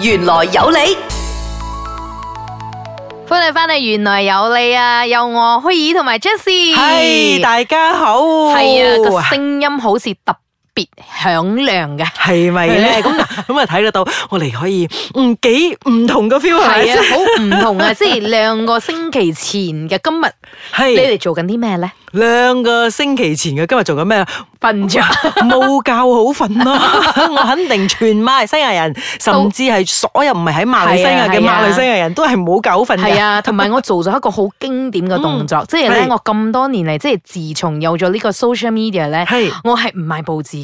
玄來有理，歡迎翻嚟！玄來有理啊，有我希爾同埋 Jesse，係大家好，係啊個聲音好似特別別響亮嘅係咪咧？咁咁啊，睇得到，我哋可以唔幾唔同嘅 feel 係啊，好唔同啊！即係兩個星期前嘅今日，係你哋做緊啲咩咧？兩個星期前嘅今日做緊咩啊？瞓覺冇覺好瞓咯，我肯定全馬來西亞人，甚至係所有唔係喺馬來西亞嘅馬來西亞人都係冇覺好瞓嘅。係啊，同埋我做咗一個好經典嘅動作，即係咧，我咁多年嚟，即係自從有咗呢個 social media 咧，我係唔買報紙。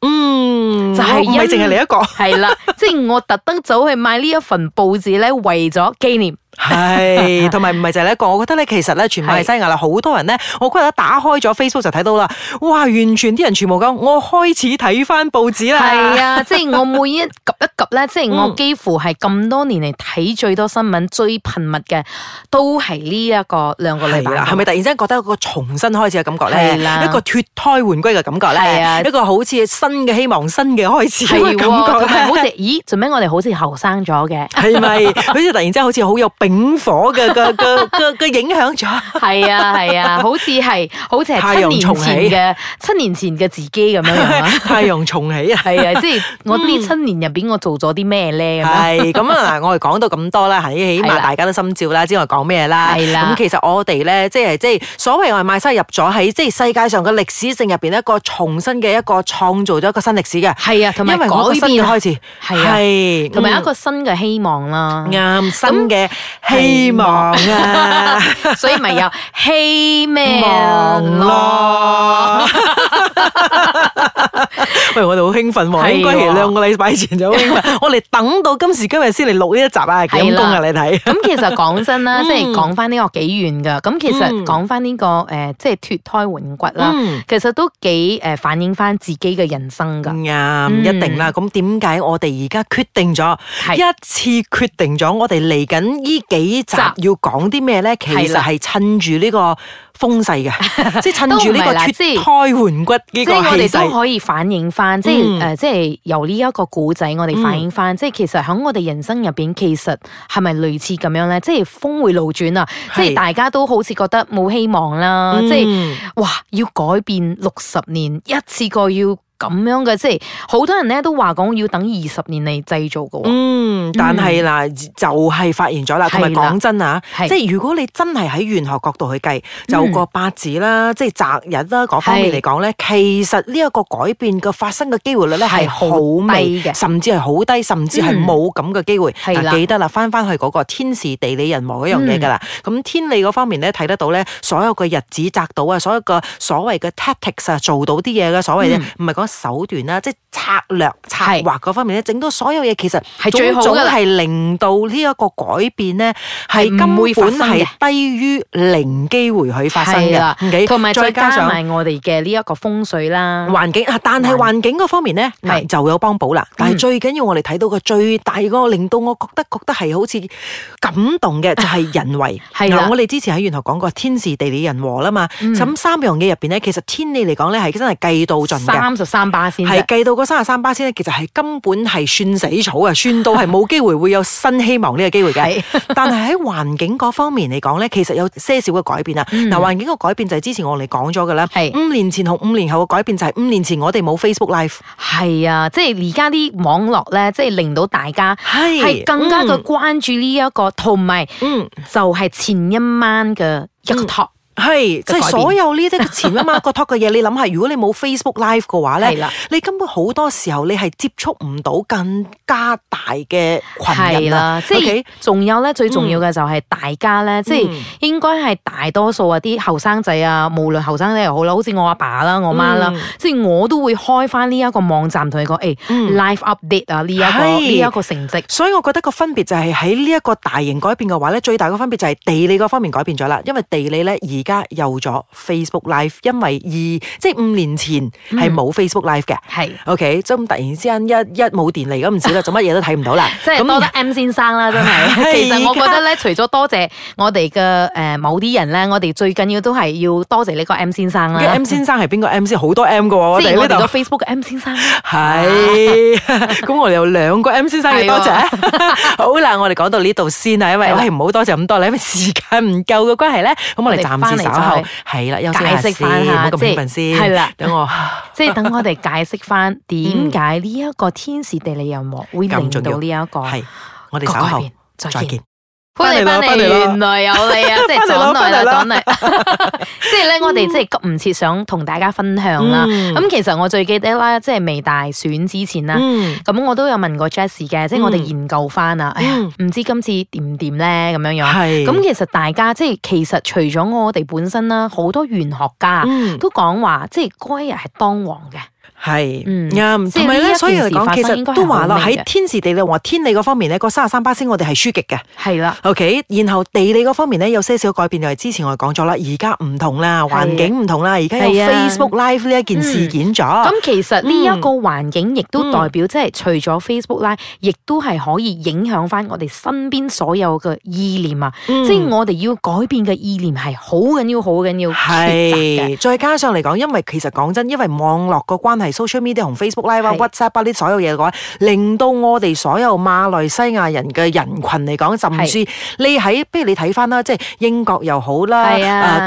嗯，就係唔係淨係你一個，係啦，即係我特登走去買呢一份報紙咧，為咗紀念，係，同埋唔係就係一個，我覺得咧，其實咧，全馬來西亞好多人咧，我今日打開咗 Facebook 就睇到啦，哇，完全啲人全部講，我開始睇翻報紙啦，係啊，即係我每一及一及咧，即係我幾乎係咁多年嚟睇最多新聞最頻密嘅，都係呢一個兩個禮拜啦，係咪突然之間覺得有個重新開始嘅感覺咧？一個脫胎換骨嘅感覺咧？一個好似新嘅希望，新嘅開始嘅感覺，咦？做咩我哋好似後生咗嘅？係咪？好似突然之間好似好有丙火嘅嘅嘅嘅影響咗？係啊係啊，好似係好似係七年前嘅七年前嘅自己咁樣係太陽重起啊！係啊，即係我呢七年入邊，我做咗啲咩咧？係咁啊！嗱，我哋講到咁多啦，係起碼大家都心照啦。之外講咩啦？係啦。咁其實我哋咧，即係即係所謂外賣，真入咗喺即係世界上嘅歷史性入邊一個重新嘅一個創造。做咗一個新歷史嘅，係啊，同埋一個新嘅開始，係同埋一個新嘅希望啦。啱，新嘅希望啊，所以咪有希望咯。喂，我哋好興奮喎！應該兩個禮拜前就好興奮，我哋等到今時今日先嚟錄呢一集啊，感動啊你睇。咁其實講真啦，即係講翻呢個幾遠噶。咁其實講翻呢個誒，即係脫胎換骨啦。其實都幾誒反映翻自己嘅人生噶，唔一定啦。咁點解我哋而家決定咗一次，決定咗我哋嚟緊呢幾集要講啲咩咧？其實係趁住呢個風勢嘅，即係趁住呢個脫胎換骨呢個氣勢，我哋都可以反映翻，即係誒，即係由呢一個古仔，我哋反映翻，即係其實喺我哋人生入邊，其實係咪類似咁樣咧？即係峰回路轉啊！即係大家都好似覺得冇希望啦，即係哇，要改變六十年一次過要。咁樣嘅，即係好多人咧都話講要等二十年嚟製造嘅。嗯，但係啦，就係發現咗啦。同埋講真啊，即係如果你真係喺玄學角度去計，就個八字啦，即係擇日啦，嗰方面嚟講咧，其實呢一個改變嘅發生嘅機會率咧係好微嘅，甚至係好低，甚至係冇咁嘅機會。係啦，記得啦，翻翻去嗰個天時地利人和嗰樣嘢噶啦。咁天理嗰方面咧睇得到咧，所有嘅日子擇到啊，所有嘅所謂嘅 tactics 啊，做到啲嘢嘅，所謂嘅唔係講。手段啦，即係。策略策劃嗰方面咧，整到所有嘢其實係最好嘅，係令到呢一個改變咧，係根本係低於零機會去發生嘅。同埋再加上埋我哋嘅呢一個風水啦，環境啊，但係環境嗰方面咧，係就有幫補啦。但係最緊要我哋睇到個最大個令到我覺得覺得係好似感動嘅，就係人為。嗱，我哋之前喺源頭講過天時地利人和啦嘛，咁三樣嘢入邊咧，其實天理嚟講咧係真係計到盡嘅，三十三巴先係計到。三十三巴仙咧，其實係根本係算死草啊，算到係冇機會會有新希望呢個機會嘅。 但係喺環境嗰方面嚟講咧，其實有些少嘅改變啦。嗱、嗯，環境個改變就係之前我哋講咗嘅咧。五是年前同五年後嘅改變就係五年前我哋冇 Facebook Live。係啊，即係而家啲網絡咧，即係令到大家係係更加嘅關注呢、這、一個，同埋嗯就係前一晚嘅入套。嗯係，即係是所有呢啲前一晚個 talk 嘅嘢， 你諗下，如果你冇 Facebook Live 嘅話咧，的你根本好多時候你係接觸唔到更加大嘅群人啦。OK，仲有咧，最重要嘅就係大家咧，嗯、即係應該係大多數啊啲後生仔啊，無論後生仔又好啦，好似我阿爸啦、我媽啦，即係、嗯、我都會開翻呢一個網站同你講，誒、哎嗯，live update 啊呢一個呢一的個成績。所以我覺得個分別就係喺呢一個大型改變嘅話咧，最大嘅分別就係地理嗰方面改變咗啦，因為地理咧而。而家有咗 Facebook Live，因為二，即係五年前係冇 Facebook Live 嘅，係 OK。咁突然之間一一冇電嚟，咁唔少啦，做乜嘢都睇唔到啦。即係咁多得 M 先生啦，真係。其實我覺得咧，除咗多謝我哋嘅誒某啲人咧，我哋最緊要都係要多謝呢個 M 先生啦。M 先生係邊個 M 先？好多 M 嘅喎，我哋呢度。即係嚟咗 Facebook 嘅 M 先生。係，咁我哋有兩個 M 先生嘅，多謝。好啦，我哋講到呢度先啦，因為喂唔好多謝咁多啦，因為時間唔夠嘅關係咧，咁我哋暫時。稍後係啦，又解釋翻下，下即係啦，等我即係等我哋解釋翻點解呢一個天時地利人和會令到呢、這、一個係。我哋稍後再見。再見歡迎翻嚟，玄來有理啊！即係趕嚟，趕嚟。即係咧， 是我哋即係急唔切，想同大家分享啦。咁、嗯、其實我最記得啦，即、就、係、是、未大選之前啦。咁、嗯、我都有問過 Jess 嘅，即係我哋研究翻啊。唔、嗯、知今次掂唔掂咧？咁樣樣。咁是其實大家即係其實除咗我哋本身啦，好多玄學家都講話，即係嗰一日係當旺嘅。係啱，即係呢一件事發生都係好重要嘅。所以嚟講其實都話啦，喺天時地利和天理嗰方面咧，嗰三十三八星我哋係輸極嘅。係啦的，OK。然後地理嗰方面咧，有些少改變，就係之前我哋講咗啦，而家唔同啦，環境唔同啦，而家的有 Facebook Live 呢一件事件咗。咁、嗯、其實呢一個環境亦都代表，嗯、即係除咗 Facebook Live，亦都係可以影響翻我哋身邊所有嘅意念啊！嗯、即係我哋要改變嘅意念係好緊要，好緊要。係，再加上嚟講，因為其實講真，因為網絡個關。係 social media 同 Facebook 啦、WhatsApp 啦啲所有嘢嘅話，令到我哋所有馬來西亞人嘅人群嚟講，甚至你喺，不如你睇翻啦，即係英國又好啦，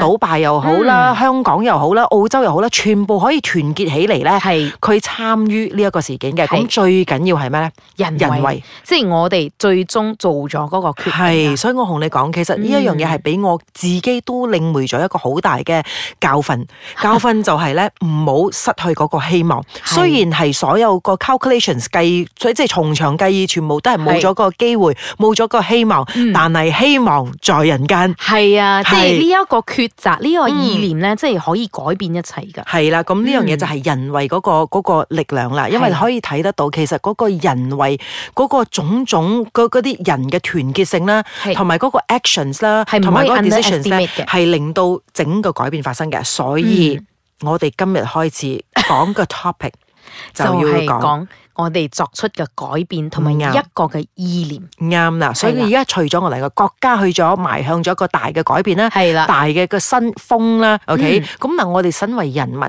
誒，杜拜又好啦，香港又好啦，澳洲又好啦，全部可以團結起嚟咧。係佢參與呢一個事件嘅。咁最緊要係咩咧？人和，即係我哋最終做咗嗰個決定。係，所以我同你講，其實呢一樣嘢係俾我自己都領會咗一個好大嘅教訓。教訓就係咧，唔好失去嗰個。希望雖然係所有個 calculations 計，即係從長計議，全部都係冇咗個機會，冇咗個希望。但係希望在人間，係啊，即係呢一個抉擇，呢個意念咧，即係可以改變一切噶。係啦，咁呢樣嘢就係人為嗰個個力量啦，因為你可以睇得到，其實嗰個人為嗰個種種嗰啲人嘅團結性啦，同埋嗰個 actions 啦，同埋嗰個 decisions 呢，係令到整個改變發生嘅，所以。我哋今日開始講個 topic 就要去講。我哋作出嘅改變同埋一個嘅意念啱啦，所以而家除咗我哋嘅國家去咗邁向咗一個大嘅改變啦，係啦，大嘅個新風啦，OK，咁嗱，我哋身為人民，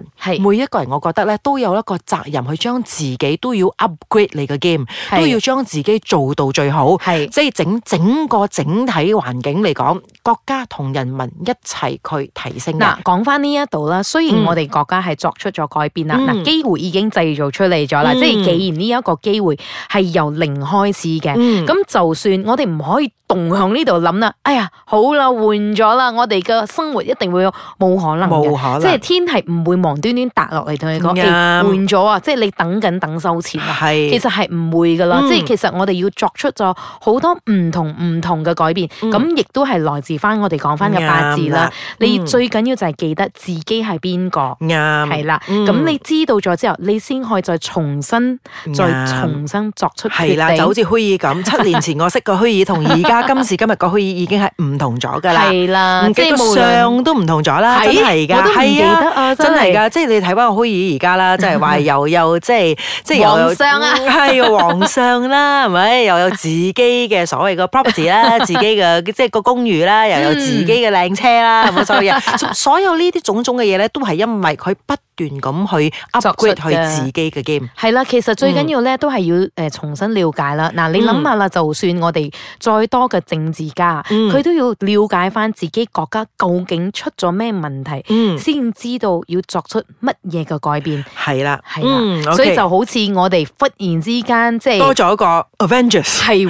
每一個人，我覺得咧都有一個責任去將自己都要 upgrade 你嘅 game，都要將自己做到最好，即係整整個整體環境嚟講，國家同人民一齊去提升嗱。講翻呢一度啦，雖然我哋國家係作出咗改變啦，嗱，幾乎已經製造出嚟咗啦，即係既然。呢一個機會係由零開始嘅，咁就算我哋唔可以動向呢度諗啦，哎呀，好啦，換咗啦，我哋嘅生活一定會冇可能嘅，即係天係唔會無端端踏落嚟同你講，換咗啊！即係你等緊等收錢啊，係，其實係唔會噶啦，即係其實我哋要作出咗好多唔同唔同嘅改變，咁亦都係來自翻我哋講翻嘅八字啦。你最緊要就係記得自己係邊個，啱係啦。咁你知道咗之後，你先可以再重新。再重新作出決定係啦，就好似虛擬咁。七年前我識個虛擬，同而家今時今日個虛擬已經係唔同咗㗎啦。係啦，即係相都唔同咗啦。真係而家係啊，真係㗎。即係你睇返個虛擬而家啦，即係話又又即係即係皇上係皇上啦，係咪？又有自己嘅所謂嘅 property 啦，自己嘅即係個公寓啦，又有自己嘅靚車啦，咁所有所有呢啲種種嘅嘢咧，都係因為佢不斷咁去 upgrade 佢自己嘅 game。係啦，其實最緊要咧，都係要誒重新了解啦。嗱，你諗下啦，就算我哋再多嘅政治家，佢都要了解翻，自己國家究竟出咗咩問題，先知道要作出乜嘢嘅改變。係啦，係啦，所以就好似我哋忽然之間即係多咗一個 Avengers。係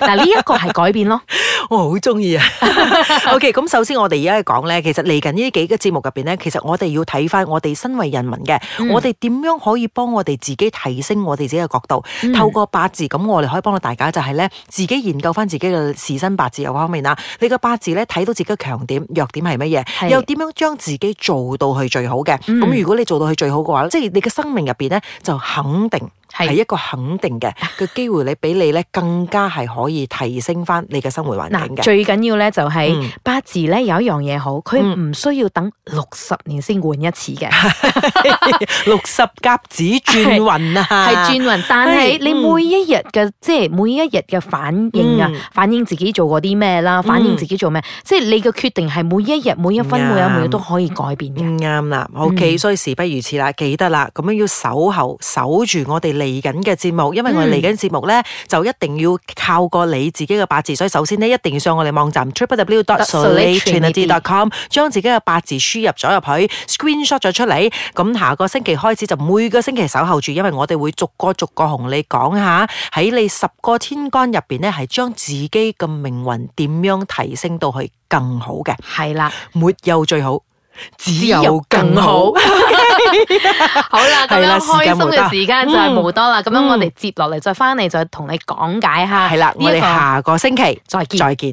嗱，呢一個係改變咯。我好中意啊。OK，咁首先我哋而家去講咧，其實嚟緊呢幾個節目入邊咧，其實我哋要睇翻我哋身為人民嘅，我哋點樣可以幫我哋自己？提升我哋自己嘅角度，嗯、透過八字咁我哋可以幫到大家，就係、是、咧自己研究翻自己嘅時辰八字有方面啦。你個八字咧睇到自己嘅強點、弱點係乜嘢，是又點樣將自己做到去最好嘅？咁、嗯、如果你做到去最好嘅話，即係你嘅生命入邊咧就肯定。係一個肯定嘅個機會，你俾你咧更加係可以提升翻你嘅生活環境嘅。最緊要咧就係八字咧有一樣嘢好，佢唔需要等六十年先換一次嘅。 六十甲子轉運啊，係轉運，但係你每一日嘅、嗯、即係每一日嘅反應啊、嗯，反應自己做過啲咩啦，反應自己做咩，即係你嘅決定係每一日每一分錯每一秒都可以改變嘅。啱啦，OK 所以事不宜遲啦，記得啦，咁樣要守候，守住我哋嚟緊嘅節目，因為我哋嚟緊節目呢，就一定要靠過你自己嘅八字，所以首先呢，一定要上我哋網站 www.solidtransit.com，將自己嘅八字輸入咗入去，screen shot 咗出嚟，咁下個星期開始就每個星期守候住，因為我哋會逐個逐個同你講下喺你十個天干入邊呢，係將自己嘅命運點樣提升到去更好嘅，係啦，沒有最好。只有更好，更好啦，大、okay. 家 開心嘅時間就係無多啦。咁、嗯、樣我哋接落嚟，再返嚟再同你講解下。係啦，我哋下個星期再見再見。